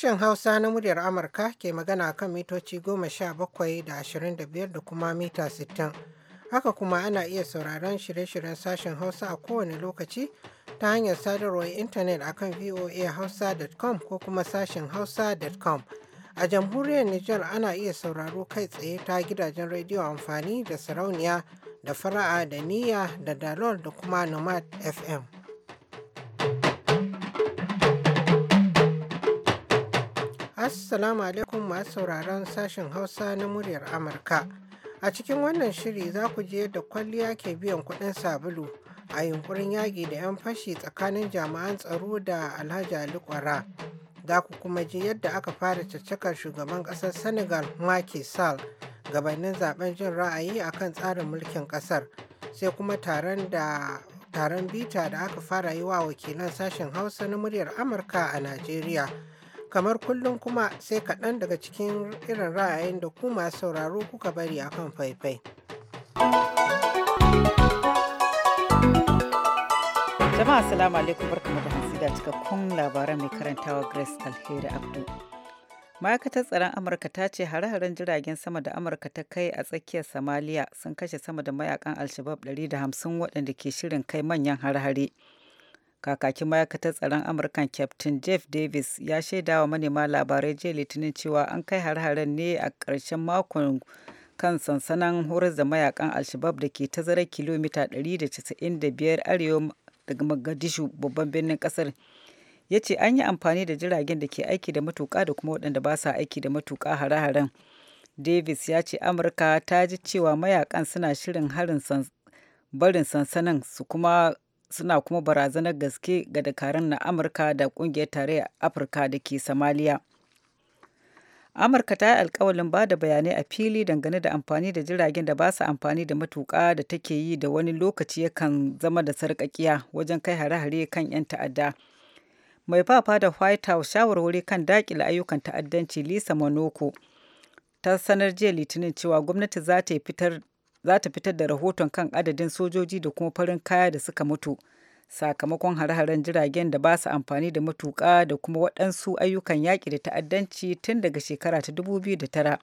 Sashen Hausa na muryar Amurka ke magana a kan mitoci goma sha bakwai da ashirin da biyar da kuma mita sittin. Haka kuma ana iya sauraron shirye-shiryen sashen Hausa a kowane lokaci ta hanyar sadarwar intanet a akan voahausa.com ko kuma sashen hausa.com. A jamhuriyar Nijar ana iya sauraro kai tsaye ta gidajen rediyo amfani da sarauniya da fara'a da niyya da dalol da kuma nomad FM. Assalamu alaikum masu sauraron sashen Hausa na muryar Amurka. A cikin wannan shiri za ku je da kwalliya ke biyan kuɗin sabulu a yunkurin yaƙi da 'yan fashi tsakanin jami'an tsaro da Alhaji Ali Kwara. Za ku kuma ji yadda aka fara caccakar shugaban ƙasar Senegal Macky Sall gabanin zaben jin ra'ayi a kan tsarin mulkin ƙasar. Sai kuma taron da taron bita da aka fara yi wa wakilan sashen Hausa na muryar Amurka a Najeriya. kamar kullum kuma sai kaɗan daga cikin irin ra'ayin da ku masu sauraro kuka bari a kan faifai. Jama'a salamu alaikum barkamu da hansi da cikakkun labaran mai karantawa Grace Alheri Abdu. Ma'aikatar tsaron Amurka ta ce hare-haren jiragen sama da Amurka ta kai a tsakiyar Somalia sun kashe sama da mayakan Alshabab 150 waɗanda ke shirin kai manyan hare-hare. hare hare kakakin ma'aikatar tsaron amurkan captain jeff davis ya shaida wa manema labarai jiya litinin cewa an kai har-haren ne a ƙarshen makon kan sansanin horar da mayakan alshabab da ke tazarar kilomita 195 arewa daga mogadishu babban birnin kasar ya ce an yi amfani da jiragen da ke aiki da matuka da kuma waɗanda ba sa aiki da matuka hare-haren davis ya ce amurka ta ji cewa mayakan suna shirin harin barin sansanin su kuma suna kuma barazanar gaske ga dakarun na amurka da kungiyar tarayyar afirka da ke samaliya amurka ta yi alkawalin ba da bayanai a fili dangane da amfani da jiragen da ba su amfani da matuƙa da take yi da wani lokaci yakan zama da sarƙaƙiya wajen kai hare-hare kan 'yan ta'adda mai fafa da white house shawarwari kan daƙila ayyukan ta'addanci lisa monoko ta sanar jiya litinin cewa gwamnati za ta fitar za ta fitar da rahoton kan adadin sojoji da kuma farin kaya da suka mutu sakamakon hare-haren jiragen da ba su amfani da matuƙa da kuma waɗansu ayyukan yaƙi da ta'addanci tun daga shekara ta 2009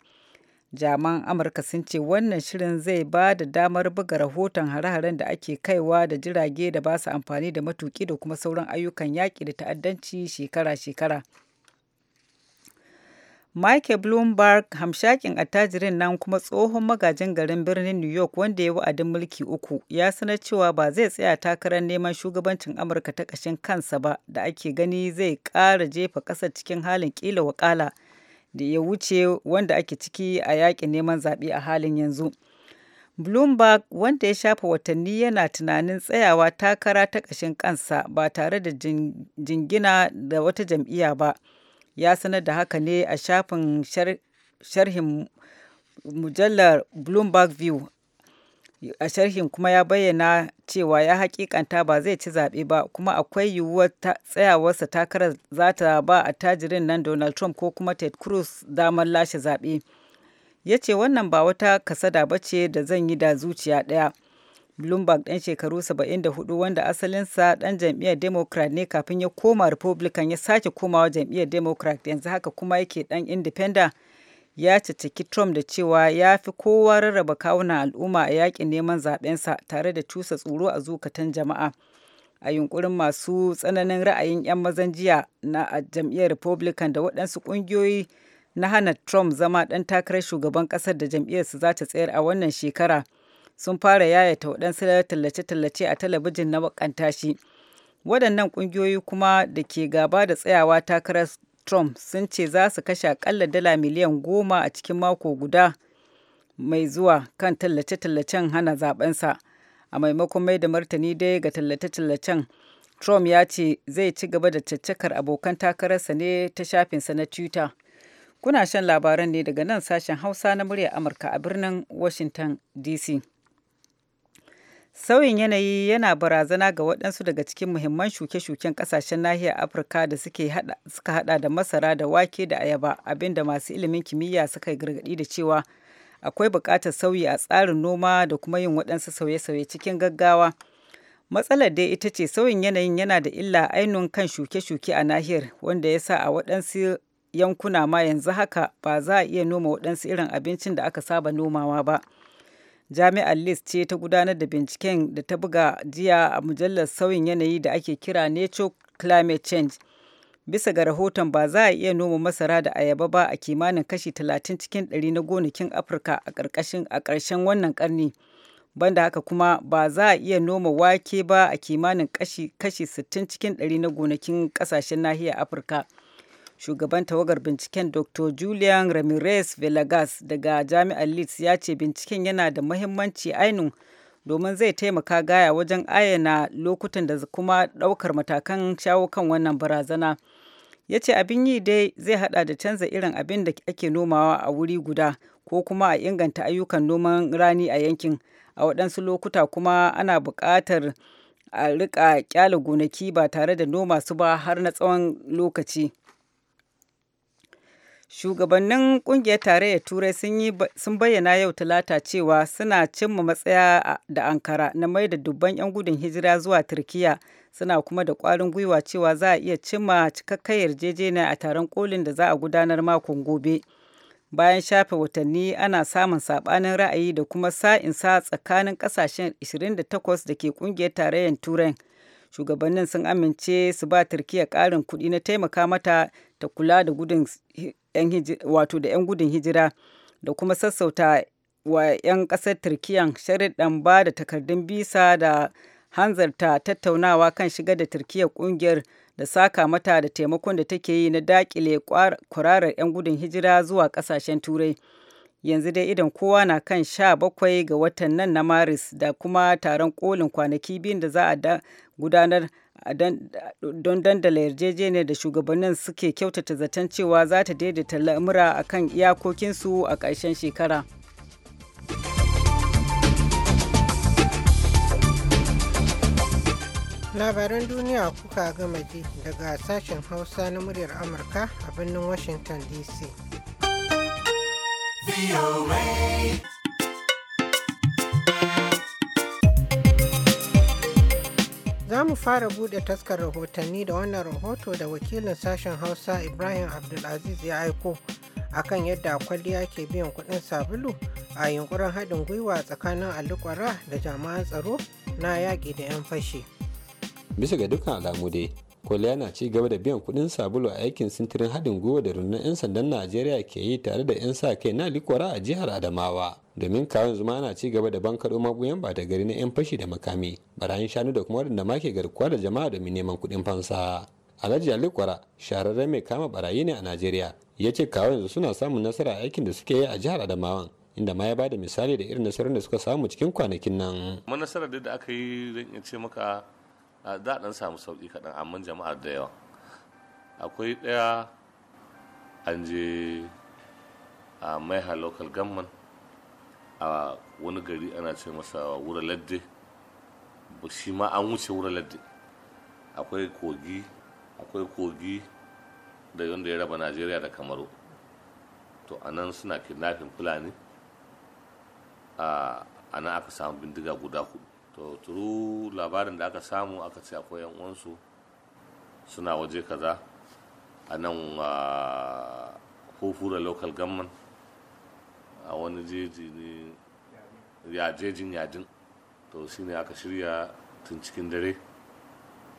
jaman amurka sun ce wannan shirin zai ba da damar buga rahoton hare-haren da ake kaiwa da jirage da ba su amfani da matuƙi da kuma sauran ayyukan yaƙi da ta'addanci shekara-shekara mike Bloomberg, hamshakin attajirin nan kuma tsohon magajin garin birnin New York wanda ya wa'adin mulki uku, ya sanar cewa ba zai tsaya takarar neman shugabancin Amurka ta ƙashin kansa ba da ake gani zai ƙara jefa ƙasar cikin halin ƙila wakala da ya wuce wanda ake ciki a yaƙin neman zaɓe a halin yanzu. Bloomberg wanda ya shafa watanni yana tunanin tsayawa takara ta ƙashin kansa ba tare da jingina da wata jam'iyya ba. ya sanar da haka ne a shafin sharhin mujallar bloomberg view a sharhin kuma ya bayyana cewa ya hakikanta ba zai ci zaɓe ba kuma akwai yiwuwar tsayawarsa takarar za ta ba a tajirin nan donald trump ko kuma ted cruz damar lashe zaɓe ya ce wannan ba wata kasada ba ce da zan yi da zuciya ɗaya bloomberg ɗan shekaru 74 wanda asalinsa ɗan jam'iyyar democrat ne kafin ya koma republican ya sake komawa jam'iyyar democrat yanzu haka kuma yake ɗan independent ya caceki trump da cewa ya fi kowa rarraba kawunan al'umma a yakin neman zaɓensa tare da cusa tsoro a zukatan jama'a a yunkurin masu tsananin ra'ayin 'yan mazan jiya na jam'iyyar republican da waɗansu ƙungiyoyi na hana trump zama ɗan takarar shugaban ƙasar da jam'iyyarsa za ta tsayar a wannan shekara sun fara yayata waɗansu tallace-tallace a talabijin na shi Waɗannan ƙungiyoyi kuma da ke gaba da tsayawa takarar Trump sun ce za su kashe akalla dala miliyan goma a cikin mako guda mai zuwa kan tallace-tallacen hana zabensa. A maimakon mai da martani dai ga tallace-tallacen, Trump ya ce zai ci gaba da caccakar abokan takararsa ne ta shafinsa na Twitter. Kuna shan labaran ne daga nan sashen Hausa na muryar Amurka a birnin Washington DC. Sauyin yanayi yana barazana ga waɗansu daga cikin muhimman shuke-shuken ƙasashen nahiyar Afirka da suka hada da masara da wake da ayaba, abinda masu ilimin kimiyya suka gargaɗi da cewa akwai buƙatar sauyi a tsarin noma da kuma yin waɗansu sauye-sauye cikin gaggawa. Matsalar dai ita ce sauyin yanayin yana da illa ainun kan shuke-shuke a nahiyar, wanda ya sa a waɗansu yankuna ma yanzu haka ba za a iya noma waɗansu irin abincin da aka saba nomawa ba. Jami'ar Leeds ce ta gudanar da binciken da ta buga jiya a mujallar sauyin yanayi da ake kira Nature Climate Change. Bisa ga rahoton ba za a iya noma masara da ayaba ba a kimanin kashi 30 cikin 100 na gonakin Afirka a ƙarshen wannan ƙarni. Banda haka kuma ba za a iya noma wake ba a kimanin kashi 60 cikin 100 na gonakin ƙasashen nahiyar Afirka. shugaban tawagar binciken dr julian ramirez velagas daga jami'ar leeds ya ce binciken yana da mahimmanci ainun domin zai taimaka gaya wajen ayyana lokutan da kuma ɗaukar matakan shawo kan wannan barazana ya ce abin yi dai zai hada da canza irin abin da ake nomawa a wuri guda ko kuma a inganta ayyukan noman rani a yankin a waɗansu lokuta kuma ana buƙatar a riƙa kyala gonaki ba tare da noma su ba har na tsawon lokaci shugabannin kungiyar tarayyar turai sun bayyana yau talata cewa suna cimma matsaya da ankara na mai da dubban 'yan gudun hijira zuwa turkiya suna kuma da kwarin gwiwa cewa za a iya cimma cikakkiyar yarjejeniya a taron kolin da za a gudanar makon gobe bayan shafe watanni ana samun sabanin ra'ayi da kuma sa'in sa tsakanin kasashen 28 da ke kungiyar tarayyar turai shugabannin sun amince su ba turkiya ƙarin kuɗi na taimaka mata ta kula da gudun wato da 'yan gudun hijira da kuma sassauta wa 'yan ƙasar turkiyan sharaɗin ba da takardun bisa da hanzarta tattaunawa kan shiga da turkiya ƙungiyar da saka mata da taimakon da take yi na daƙile kwararar 'yan gudun hijira zuwa ƙasashen turai yanzu dai idan kowa na kan sha bakwai ga watan nan na maris da kuma taron kolin kwanaki biyun da za a gudanar don dandala yarjejeniyar da shugabannin suke kyautata zaton cewa za ta daidaita lamura a kan iyakokinsu a ƙarshen shekara labaran duniya kuka gama ji daga sashen hausa na muryar amurka a birnin washington dc Za mu fara buɗe taskar rahotanni da wannan rahoto da wakilin sashen Hausa Ibrahim Abdulaziz ya aiko akan yadda kwalliya ke biyan kuɗin sabulu a yunkurin haɗin gwiwa tsakanin alukwara da jama'an tsaro na yaƙi da 'yan fashe. Bisa ga dukkan alamu dai, kwalliya na ci gaba da biyan kuɗin sabulu a aikin sintirin haɗin gwiwa da rundunar 'yan sandan najeriya ke yi tare da 'yan sa kai na likwara a jihar adamawa domin kawon zuma na ci gaba da bankaɗo guyan ba da gari na 'yan fashi da makami barayin shanu da kuma waɗanda ma ke garkuwa da jama'a domin neman kuɗin fansa alhaji alikwara kwara shahararren mai kama barayi ne a najeriya ya ce kawo yanzu suna samun nasara a aikin da suke yi a jihar adamawa inda ma ya bada misali da irin nasarar da suka samu cikin kwanakin nan. nasarar da aka yi zan iya ce maka za a ɗan samu sauki kaɗan amma jama'a da yawa akwai ɗaya an je a maiha local government a wani gari ana ce masa wura ladde shi ma an wuce wura ladde akwai kogi akwai kogi da yadda ya raba najeriya da kamaru to anan suna kidnapping fulani a nan aka samu bindiga guda hudu to turu labarin da aka samu aka ce akwai yan uwansu suna waje kaza a nan hufura local gamman a wani jeji ne yajejin yajin to shine aka shirya tun cikin dare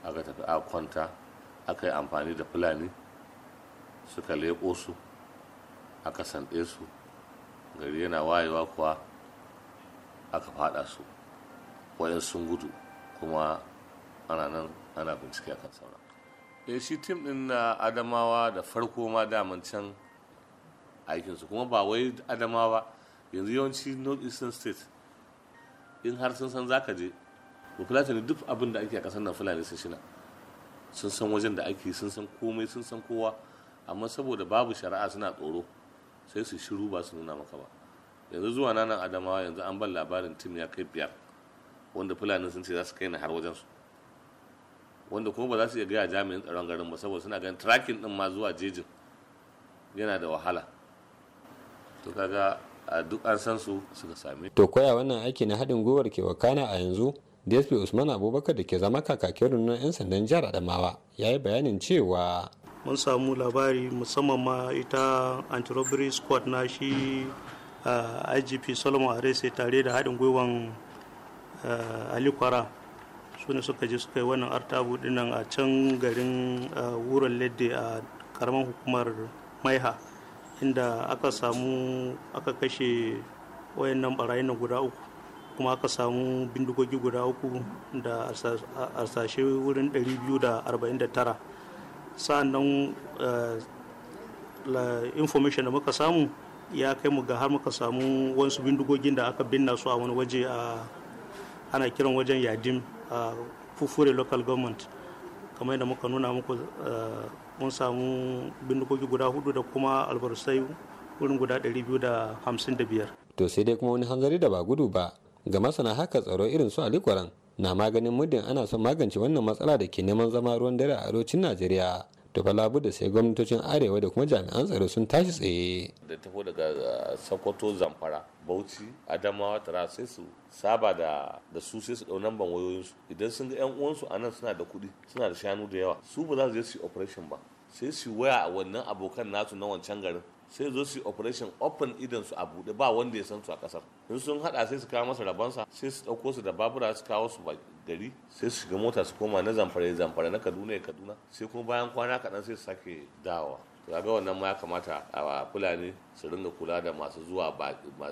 aka tafi a kwanta aka yi amfani da fulani suka leƙo su aka sanɗe su gari yana wayewa kuwa aka fada su wayan sun gudu kuma ana nan ana bincike kan sauran e shi tim din na adamawa da farko ma daman can aikinsu kuma ba wai adamawa yanzu yawanci north eastern state in har sun san zaka je ba ne duk abin da ake a kasar nan fulani sun shina sun san wajen da ake sun san komai sun san kowa amma saboda babu shari'a suna tsoro sai su shiru ba su nuna maka ba yanzu zuwa nanan adamawa yanzu an ban labarin tim ya kai biyar wanda fulani sun ce za su kai ni har wajen su wanda kuma ba za su iya gaya jami'in tsaron garin ba saboda suna ganin trakin din ma zuwa jejin yana da wahala to kaga a duk an san su suka same to koya wannan aiki na haɗin gwiwar ke wakana a yanzu dsp usman abubakar da ke zama kakakin rundunar 'yan sandan jihar adamawa ya yi bayanin cewa mun samu labari musamman ma ita anti squad na shi igp solomon arese tare da haɗin gwiwan Eh, alikwara su ne suka je suka yi wannan artabu dinnan a can garin eh, wuran ledde a karamar hukumar maiha inda aka samu aka kashe wayannan barayin guda uku kuma aka samu bindigogi guda uku da arsashe wurin 249 sa'an nan information da muka samu ya kai mu ga har muka samu wasu bindigogin da aka binna su a wani waje a ana kiran wajen yadin a fufure local government kamar yadda muka nuna muku mun samu bindigogi guda hudu da kuma albarsai wurin guda 255 to sai dai kuma wani hanzari da ba gudu ba ga masana haka tsaro irin su alikwaran na maganin muddin ana son magance wannan matsala da ke neman zama ruwan dare a arewacin najeriya to fa da sai gwamnatocin arewa da kuma jami'an tsaro sun tashi tsaye da tafi daga eh, sokoto zamfara bauchi adamawa tara sai su saba da da su sai su dau namban wayoyinsu idan sun ga yan uwansu a nan suna da kuɗi suna da shanu da yawa su ba za su je su yi operation ba sai su waya a wannan abokan nasu na wancan garin sai zo su operation open idan su a bude ba wanda ya san su a ƙasar in sun hada sai su kawo masa sa sai su dauko su da babura su kawo su gari sai su shiga mota su koma na zamfara zamfara na kaduna ya kaduna sai kuma bayan kwana kaɗan sai su sake dawa. ga wannan ma ya kamata a fulani su ringa kula da masu zuwa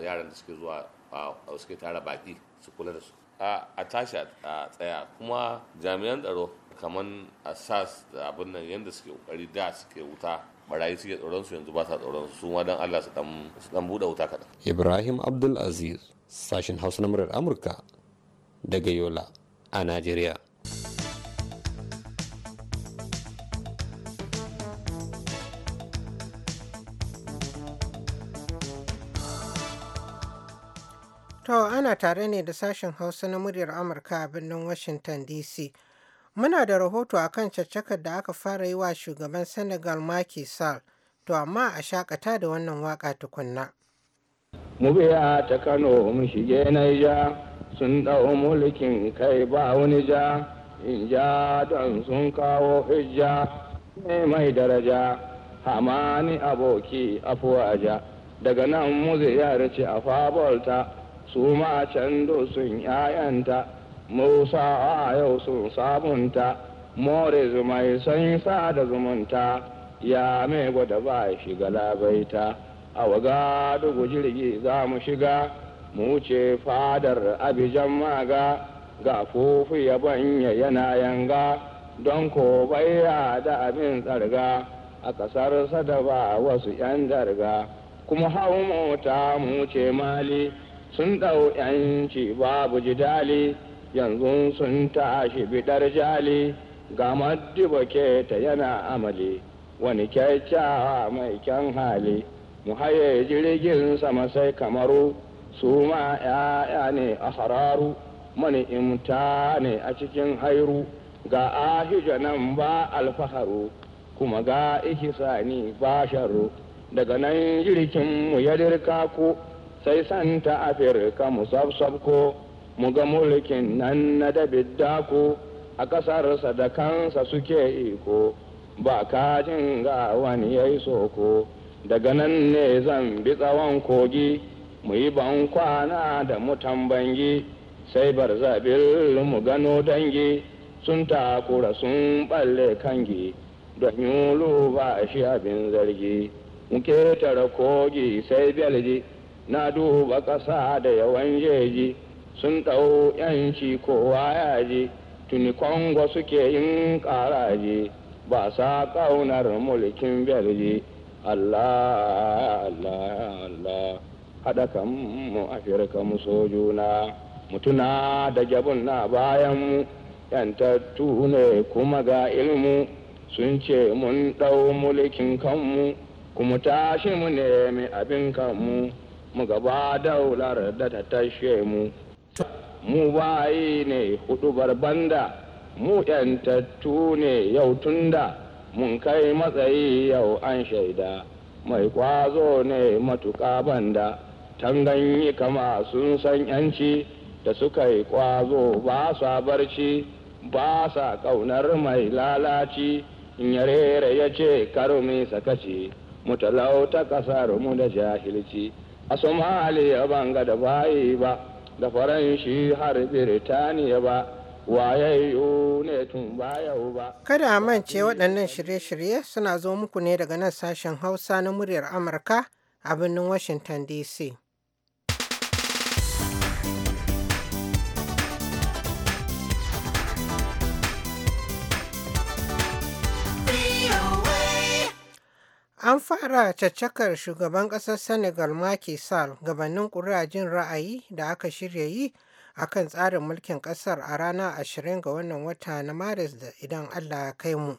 yaran da suke zuwa a suke tara baki su kula da su a tashi a tsaya kuma jami'an tsaro kamar a sas da abin nan yadda suke kokari da suke wuta barayi suke tsoron su yanzu ba sa tsoron su ma dan Allah su dan su dan bude wuta kaɗan. Ibrahim Abdul Aziz sashin Hausa na murar Amurka daga Yola a Najeriya. To ana tare ne da sashen Hausa na muryar Amurka a birnin Washington DC. Muna da rahoto a kan caccakar da aka fara yi wa shugaban Senegal Macky Sall, to amma a shakata da wannan waka tukunna. mubiya ta Kano mu shige Naija sun ɗau mulkin kai ba wani ja, in ja don sun kawo hijja ne mai daraja, hamani aboki afuwaja. Daga nan mu ziyarci a fabolta, su ma can sun 'ya'yanta. musa a yau sun sabunta more zumai sun sa da zumunta ya mai gwada ba shiga labaita a waga dugu jirgi za mu shiga mu ce fadar abijan maga ga fufu ya banya yana yanga don ko baya da abin tsarga a ƙasar ba wasu 'yan darga kuma hau mota mu ce mali sun ɗau 'yanci babu jidali yanzu sun tashi bidar jali ga maddiba ta yana amali wani kyakkyawa mai kyan hali mu haye jirgin sama sai kamaru su ma ‘ya'ya ne a hararu mani imta ne a cikin hairu ga ahija nan ba alfaharu kuma ga ihisani ba sharu daga nan jirgin mu ya dirka ko sai santa afirka mu sabsabko mu ga mulkin nan na dabid dako a ƙasarsa da kansa suke iko ba kajin ga wani ya yi soko daga nan ne zan bi tsawon kogi mu yi ban kwana da mutan bangi sai zabil mu gano dangi sun takura sun balle kangi don yulu ba shi abin zargi mu ketare kogi sai belji na duba ƙasa da yawan jeji sun ɗau yanci kowa ya je tuni kongo suke yin ƙaraje ba sa ƙaunar mulkin belje allah allah allah haɗa kan mu afirka mu sojuna mutuna da jabun na bayan mu yantattu ne kuma ga ilmu sun ce mun ɗau mulkin kanmu kuma tashi mu nemi abin kanmu mu gaba daular da ta tashe mu mu bayi ne hudu barbanda mu yantattu ne yau tunda mun kai matsayi yau an shaida mai kwazo ne matuƙa banda tanganyi kama sun san yanci da suka yi kwazo ba sa barci ba sa kaunar mai lalaci in yarere ya ce karumi sakaci mu talauta ƙasar mu da jahilci a somaliya banga da bayi ba da faranshi har birtaniya ba wayayyo ne tun yau ba kada a mance waɗannan shirye-shirye suna zo muku ne daga nan sashen hausa na muryar amurka a birnin washington dc An fara caccakar shugaban ƙasar Senegal Maki Sal gabanin ƙuri'a jin ra'ayi da aka shirya yi a kan tsarin mulkin ƙasar a ranar 20 ga wannan wata na Maris da idan Allah ya kai mu.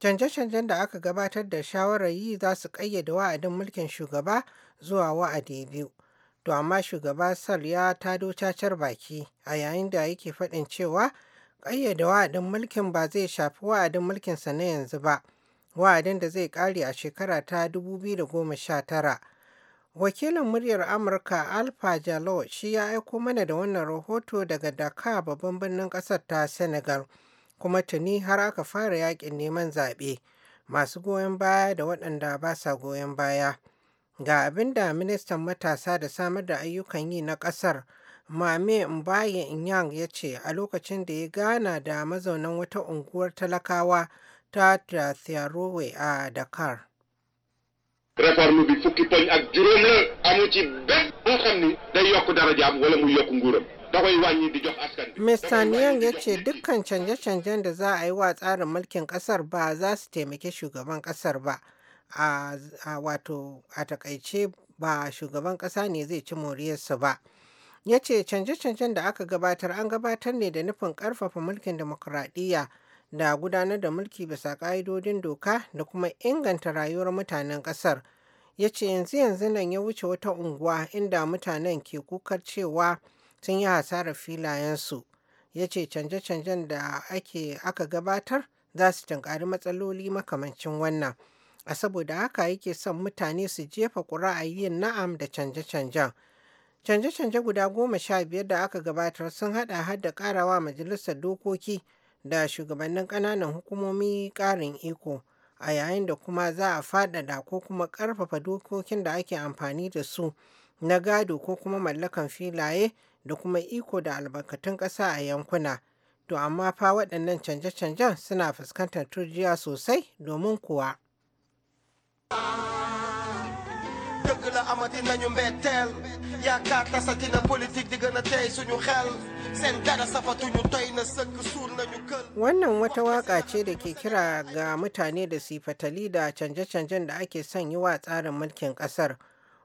Canje-canjen da aka gabatar da shawarar yi za su ƙayyade wa'adin mulkin shugaba zuwa wa'adi biyu. To amma shugaba Sal ya tado cacar baki a yayin da yake faɗin cewa ƙayyade wa'adin mulkin ba zai shafi wa'adin mulkinsa na yanzu ba. wa'adin da zai kare a shekara ta 2019. Wakilin muryar Amurka Alfa Jalo shi ya aiko mana da wannan rahoto daga Dakar babban birnin ƙasar ta Senegal, kuma tuni har aka fara yakin neman zaɓe masu goyon baya da waɗanda ba sa goyon baya. Ga abin da ministan matasa da samar da ayyukan yi na ƙasar Mame Mbaye Nyang ya ce a lokacin da ya gana da mazaunan wata unguwar talakawa ta Tsayarowe a Dakar. réforme bi fukki ak juróom la amu ci xam ni day yokk wala mu yokk nguuram Mr Niang ya ce dukkan canje-canjen da za a yi wa tsarin mulkin kasar ba za su taimaki shugaban kasar ba. A wato a takaice ba shugaban kasa ne zai ci moriyarsu ba. Ya ce canje-canjen da aka gabatar an gabatar ne da nufin karfafa mulkin demokuraɗiyya da gudanar da mulki bisa ƙa'idodin doka da kuma inganta rayuwar mutanen ƙasar. Ya ce yanzu yanzu nan ya wuce wata unguwa inda mutanen ke kukar cewa sun yi hasarar filayensu. Ya ce canje-canjen da ake aka gabatar za su tunkari matsaloli makamancin wannan. A saboda haka yake son mutane su jefa ƙuri'a yin na'am da canje-canjen. Canje-canje guda goma sha biyar da aka gabatar sun haɗa har da ƙarawa majalisar dokoki da shugabannin ƙananan hukumomi ƙarin iko a yayin da kuma za a faɗaɗa ko kuma ƙarfafa dokokin da ake amfani da su na gado ko kuma mallakan filaye da kuma iko da albarkatun ƙasa a yankuna. To amma fa waɗannan canje-canjen suna fuskantar turjiya sosai domin kuwa. amati nañu mbetteel yaakaar politique di gën a suñu xel seen dara safatuñu toy na sëkk suur nañu kël wannan wata waka ce da ke kira ga mutane da sifatali da canje-canjen da ake son yi wa tsarin mulkin ƙasar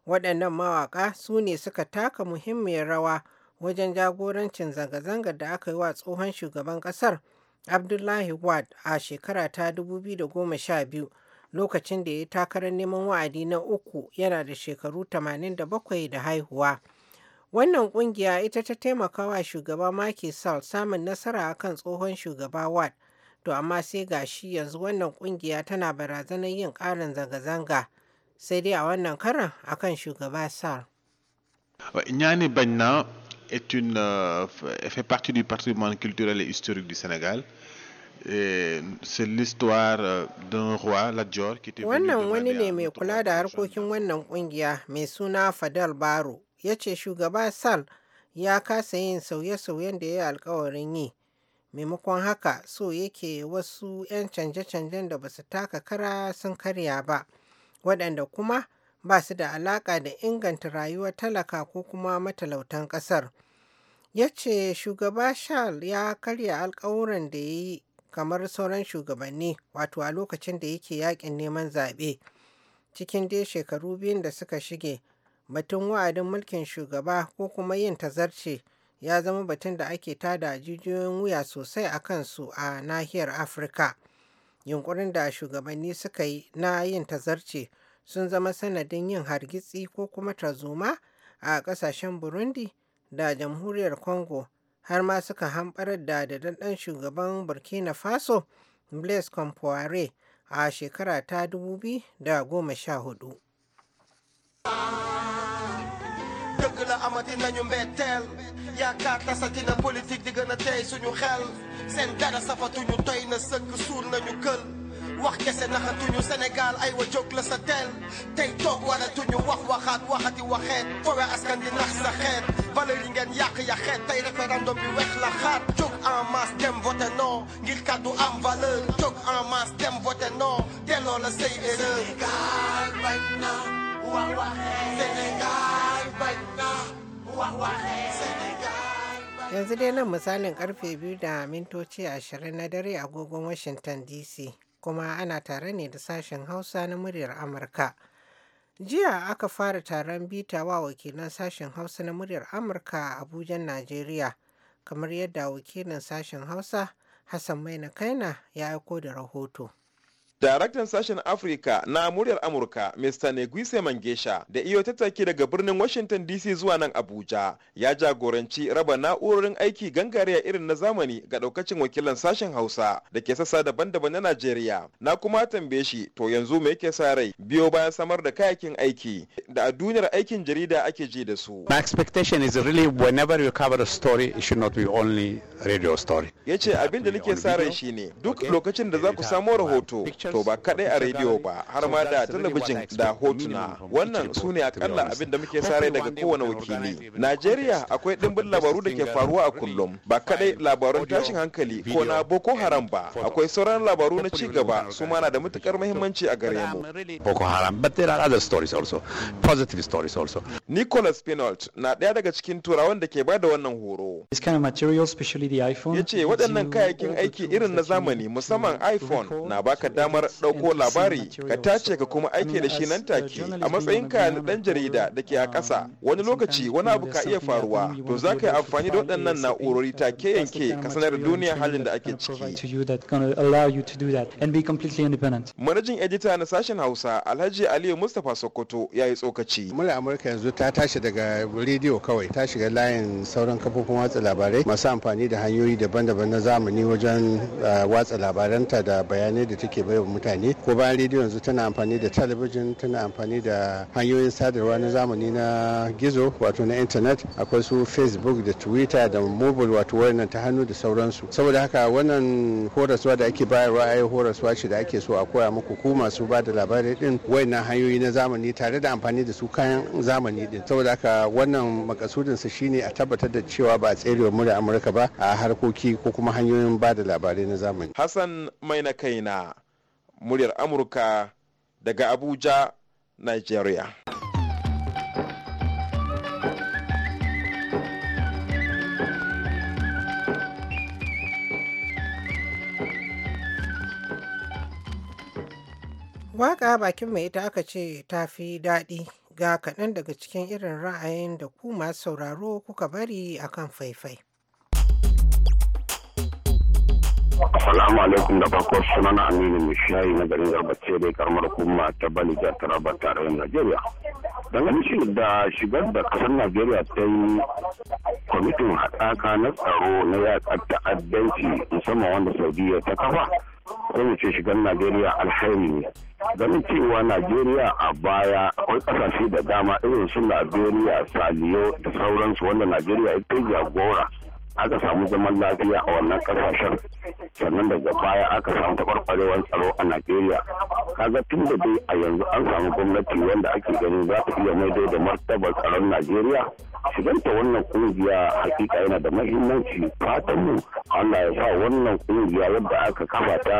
waɗannan mawaƙa su ne suka taka muhimmiyar rawa wajen jagorancin zanga-zangar da aka yi wa tsohon shugaban ƙasar abdullahi wad a shekara ta 2012 lokacin da ya yi takarar neman wa'adi na uku yana da shekaru 87 da haihuwa. Wannan kungiya ita ta taimaka wa shugaba Macky Sall samun nasara akan tsohon shugaba Ward, to amma sai ga shi yanzu wannan kungiya tana barazanar yin ƙarin zanga-zanga, sai dai a wannan karan akan shugaba Sall. Nyani Bagna est une, euh, fait partie du patrimoine culturel et historique du Sénégal. Euh, euh, wannan wani ne mai kula da harkokin wannan kungiya mai suna Fadal Baro ya ce shugaba Sal ya kasa yin sauye-sauyen da ya yi alkawarin yi. Maimakon haka so yake wasu 'yan canje-canjen da basu taka kara sun karya ba, waɗanda kuma ba su da alaƙa da inganta rayuwar talaka ko kuma matalautan ƙasar. Ya ce shugaba Shal ya karya alkawuran da ya yi kamar sauran shugabanni wato a lokacin da yake yakin neman zaɓe cikin dai shekaru biyun da suka shige batun wa'adin mulkin shugaba ko kuma yin tazarce ya zama batun da ake tada jijiyoyin wuya sosai a kansu a nahiyar afirka yunkurin da shugabanni suka yi na yin tazarce sun zama sanadin yin hargitsi ko kuma tarzoma a kasashen burundi da jamhuriyar congo har ma suka hamɓarar da daɗaɗɗen shugaban burkina faso blaise compaore a shekara ta 2014 dëgg la amati nañu mbetteel yaakaar tasatina politique di gën a tey suñu xel seen dara safatuñu toy na sëkk suur wax kese naxatuñu Sénégal ay wa jóg la sa teel tey toog waratuñu wax waxaat waxati waxeet fowe askan di nax sa xeet valeur yi ngeen yàq ya xeet tey référendum bi wex la xaat jóg en masse dem voté non ngir kàddu am valeur jóg en masse dem voté non delloo la say erreur Sénégal bañ na wax waxee Sénégal bañ na wax waxee Sénégal yanzu dai nan misalin karfe biyu da mintoci ashirin na dare agogon washington dc kuma ana tare ne da sashen Hausa na muryar Amurka. Jiya aka fara taron bita wa wakilan sashen Hausa na muryar Amurka a abujan Najeriya, kamar yadda wakilin sashen Hausa Hassan Maina Kaina ya aiko da rahoto. Daraktan sashen Afrika na muryar Amurka, Mr. Neguise Mangesha, da iyo tattaki daga birnin Washington DC zuwa nan Abuja, ya jagoranci raba na'urorin aiki gangariya irin na zamani ga daukacin wakilan sashen Hausa da ke sassa daban-daban na Najeriya. Na kuma tambaye shi to yanzu me yake sa rai biyo bayan samar da kayakin aiki da a duniyar aikin jarida ake ji da su. My expectation is really whenever you cover a story it should not be only radio story. Yace abin da nake sa rai shine duk lokacin da za ku samo rahoto to ba kadai a rediyo ba har ma da talabijin da hotuna wannan su ne akalla abin da muke sare daga kowane wakili najeriya akwai dimbin labaru da ke faruwa a kullum ba kadai labaran tashin hankali ko na boko haram ba akwai sauran labaru na ci gaba su na da matukar muhimmanci a gare mu um, boko haram but there are other stories also positive stories also nicholas pinault na daya daga cikin turawan da ke ba da wannan horo this kind of material waɗannan kayayyakin aiki irin na zamani musamman iphone na baka damar damar ɗauko labari ka tace ka kuma aike da shi nan take a matsayinka na ɗan jarida da ke a ƙasa wani lokaci wani abu ka iya faruwa to za ka yi amfani da waɗannan na'urori take yanke ka sanar da duniya halin da ake ciki. Manajin edita na sashen Hausa Alhaji Aliyu Mustapha Sokoto ya yi tsokaci. Murya Amurka yanzu ta tashi daga rediyo kawai ta shiga layin sauran kafofin watsa labarai masu amfani da hanyoyi daban-daban na zamani wajen ah, watsa labaranta da bayanai da take baiwa mutane ko bayan rediyo yanzu tana amfani da talabijin tana amfani da hanyoyin sadarwa na zamani na gizo wato na intanet akwai su facebook da twitter da mobile wato wayannan ta hannu da sauransu saboda haka wannan horaswa da ake bayarwa ai horaswa ce da ake so a koya muku ku masu bada da labarai din wayannan hanyoyi na zamani tare da amfani da su kayan zamani din saboda haka wannan makasudin su shine a tabbatar da cewa ba a tserewa da amurka ba a harkoki ko kuma hanyoyin ba da labarai na zamani hassan mai na kaina muryar amurka daga abuja nigeria Waƙa bakin mai ita aka ce ta fi daɗi ga kaɗan daga cikin irin ra'ayin da ku masu sauraro kuka bari akan faifai. Assalamu alaikum da farko sunana Aminu Mishayi na garin Garbace dai karamar kuma ta Bali jihar Taraba tarayyar Najeriya. Dangane shi da shigar da kasar Najeriya ta yi kwamitin haɗaka na tsaro na yaƙar ta'addanci musamman wanda Saudiya ta kafa. Kuma ce shigar Najeriya alheri ne. Ganin cewa Najeriya a baya akwai ƙasashe da dama irin su Najeriya, Saliyo da sauransu wanda Najeriya ita jagora. aka samu zaman lafiya a wannan kasashen sannan daga baya aka samu taɓarɓarewar tsaro a najeriya kaga tun da dai a yanzu an samu gwamnati wanda ake ganin za ta iya maido da martabar tsaron najeriya shiganta wannan kungiya hakika yana da mahimmanci fatan mu Allah ya sa wannan kungiya wadda aka kafa ta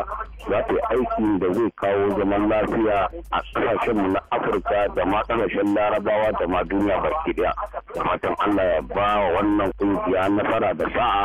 za ta yi aiki da zai kawo zaman lafiya a kasashen mu na Afirka da ma kasashen Larabawa da ma duniya baki daya fatan Allah ya ba wa wannan kungiya nasara da sa'a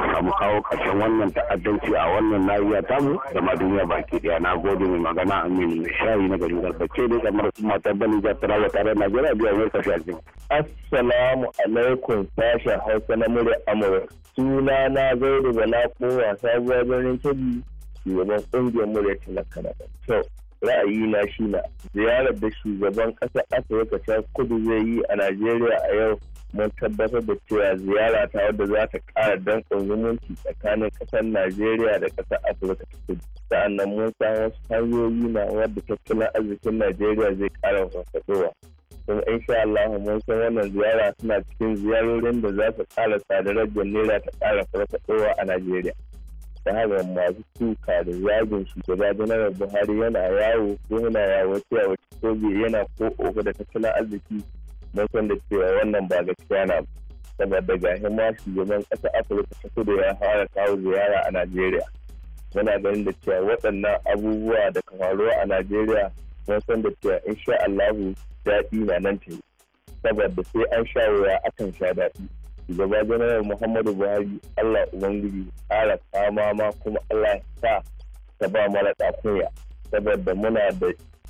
a samu kawo karshen wannan ta'addanci a wannan nahiya tamu da ma duniya baki daya na gode mai magana Aminu Shayi na garin ce ne kamar kuma ta Bani Tarawa tare Najeriya biyar mai tafiya Assalamu samu American sashen Hausa na murya Amurka. Suna na zai da bala ko wasa zuwa birnin Kebbi shugaban ƙungiyar murya talaka kyau ra'ayi na shi na ziyarar da shugaban ƙasar Afirka ta kudu zai yi a Najeriya a yau mun tabbatar da cewa ziyara ta wadda za ta ƙara danƙon zumunci tsakanin ƙasar Najeriya da ƙasar Afirka ta kudu. Sa'annan mun samu wasu hanyoyi na wadda tattalin arzikin Najeriya zai ƙara farfaɗowa. in sha Allah mu san wannan ziyara suna cikin ziyarorin da za su sadarar tsadar naira ta ƙara farfadowa a Najeriya. ta haka masu suka da zagin shugaba janar buhari yana yawo ko yana yawo cewa wata soji yana ko oga da tattalin arziki mun san da cewa wannan ba gaskiya na saboda ga ma shugaban ƙasar afirka ta kudu ya fara kawo ziyara a najeriya muna ganin da cewa waɗannan abubuwa da ka a najeriya na san da cewa sha Allahu daɗi na nan ta saboda sai an sha wuya akan sha daɗi shugaba janar muhammadu buhari allah ubangiji ƙara kama ma kuma allah sa ta ba mara kunya saboda muna da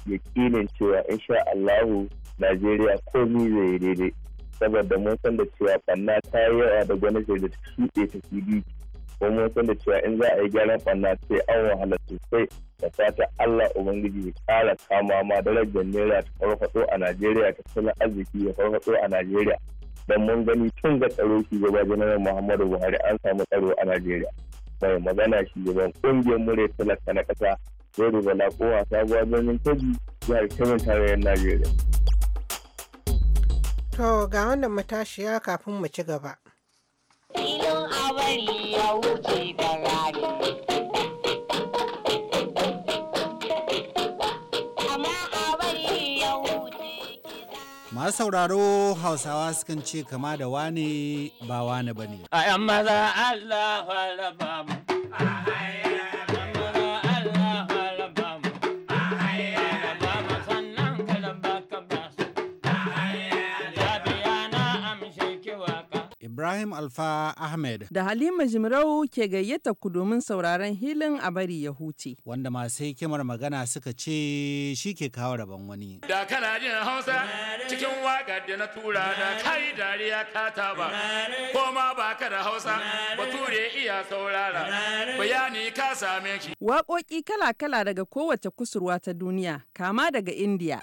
yakinin cewa in sha allahu najeriya komi zai yi daidai saboda mun san da cewa ɓanna ta yi yawa da gwamnati da shuɗe ta cd ko mun san da cewa in za a yi gyaran ɓanna sai an wahala sosai da fata Allah Ubangiji ya kara kama ma darajar naira ta farfaɗo a Najeriya ta tattalin arziki ya farfaɗo a Najeriya don mun gani tun da tsaro shi gaba janar Muhammadu Buhari an samu tsaro a Najeriya mai magana shi shugaban kungiyar murya talaka na ƙasa da Bala wasa sabuwar birnin Kebbi jihar Kebbi tarayyar Najeriya. To ga wannan matashiya kafin mu ci gaba. Filin abari ya wuce masu sauraro hausawa sukan ce kama da wane ba wane ba ne. A maza Allah ba Ibrahim Alfa Ahmed. Da Halima Jimrau ke gayyata ku domin sauraron hilin a bari ya huce. Wanda masu hikimar magana suka ce shi ke kawo rabon wani. Da kana jin Hausa cikin waka da na tura da kai dariya ka taba. Ko ma ba ka da Hausa bature iya saurara. Bayani ka same ki. Waƙoƙi kala-kala daga kowace kusurwa ta duniya kama daga India.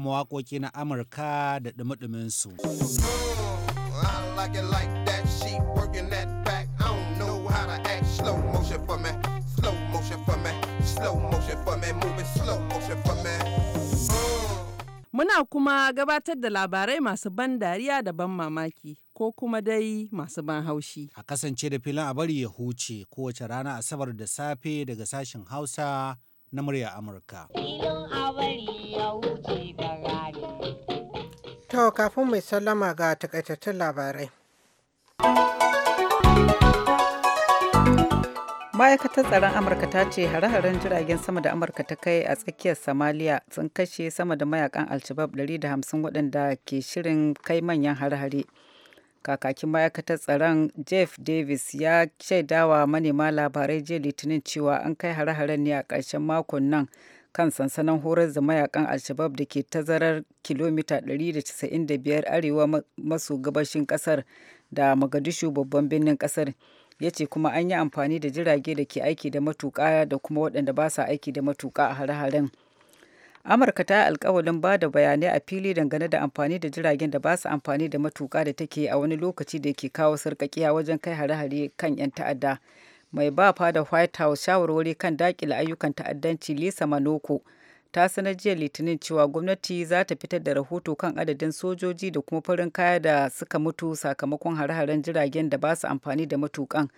kuma waƙoƙi na Amurka da ɗumi su. Oh, oh. Muna kuma gabatar da labarai masu ban dariya da ban mamaki ko kuma dai masu ban haushi. A kasance da filin a bari ya huce kowace rana Asabar da safe daga sashen Hausa na murya Amurka. To kafin mai sallama ga takaitattun labarai. ma'aikatar tsaron amurka ta ce hare-haren jiragen sama da amurka ta kai a tsakiyar somalia sun kashe sama da mayakan alshabab 150 waɗanda ke shirin kai manyan hare-hare kakakin ma'aikatar tsaron jeff davis ya shaidawa manema labarai jiya litinin cewa an kai hare-haren ne a ƙarshen makon nan kan sansanin horar da mayakan alshabab da ke tazarar kilomita 195 arewa maso gabashin kasar da magadishu babban birnin kasar ya ce kuma an yi amfani da jirage da ke aiki da matuƙa da kuma waɗanda ba sa aiki da matuka a hare-haren amurka ta yi alkawalin ba da bayanai a fili dangane da amfani da jiragen da ba su amfani da matuka da take a wani lokaci da ke kawo sarƙaƙiya wajen kai hare-hare kan 'yan ta'adda mai ba da white house shawarwari kan dakile ayyukan ta'addanci lisa manoko ta sanar jiya litinin cewa gwamnati za ta fitar da rahoto kan adadin sojoji da kuma farin kaya da suka mutu sakamakon hare-haren jiragen da ba su amfani da matukan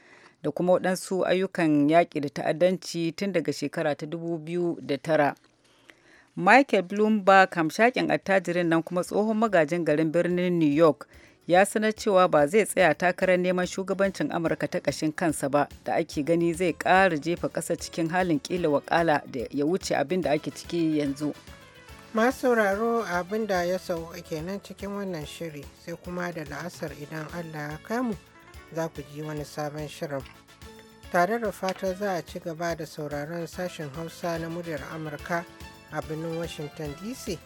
da kuma waɗansu ayyukan yaƙi da ta'addanci tun daga shekara ta 2009 michael bloomberg hamshakin attajirin nan kuma tsohon magajin garin birnin new york ya sanar cewa ba zai tsaya takarar neman shugabancin amurka ta ƙashin kansa ba da ake gani zai ƙara jefa ƙasa cikin halin ƙila wakala da ya wuce abin da ake ciki yanzu masu sauraro abin da ya sauka kenan cikin wannan shiri sai kuma da la'asar idan allah ya kamu za ku ji wani sabon shirin tare da fata za a ci gaba da sauraron sashen hausa na muryar amurka a birnin washington dc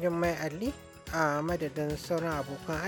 jin mai ali a madadin sauran abokan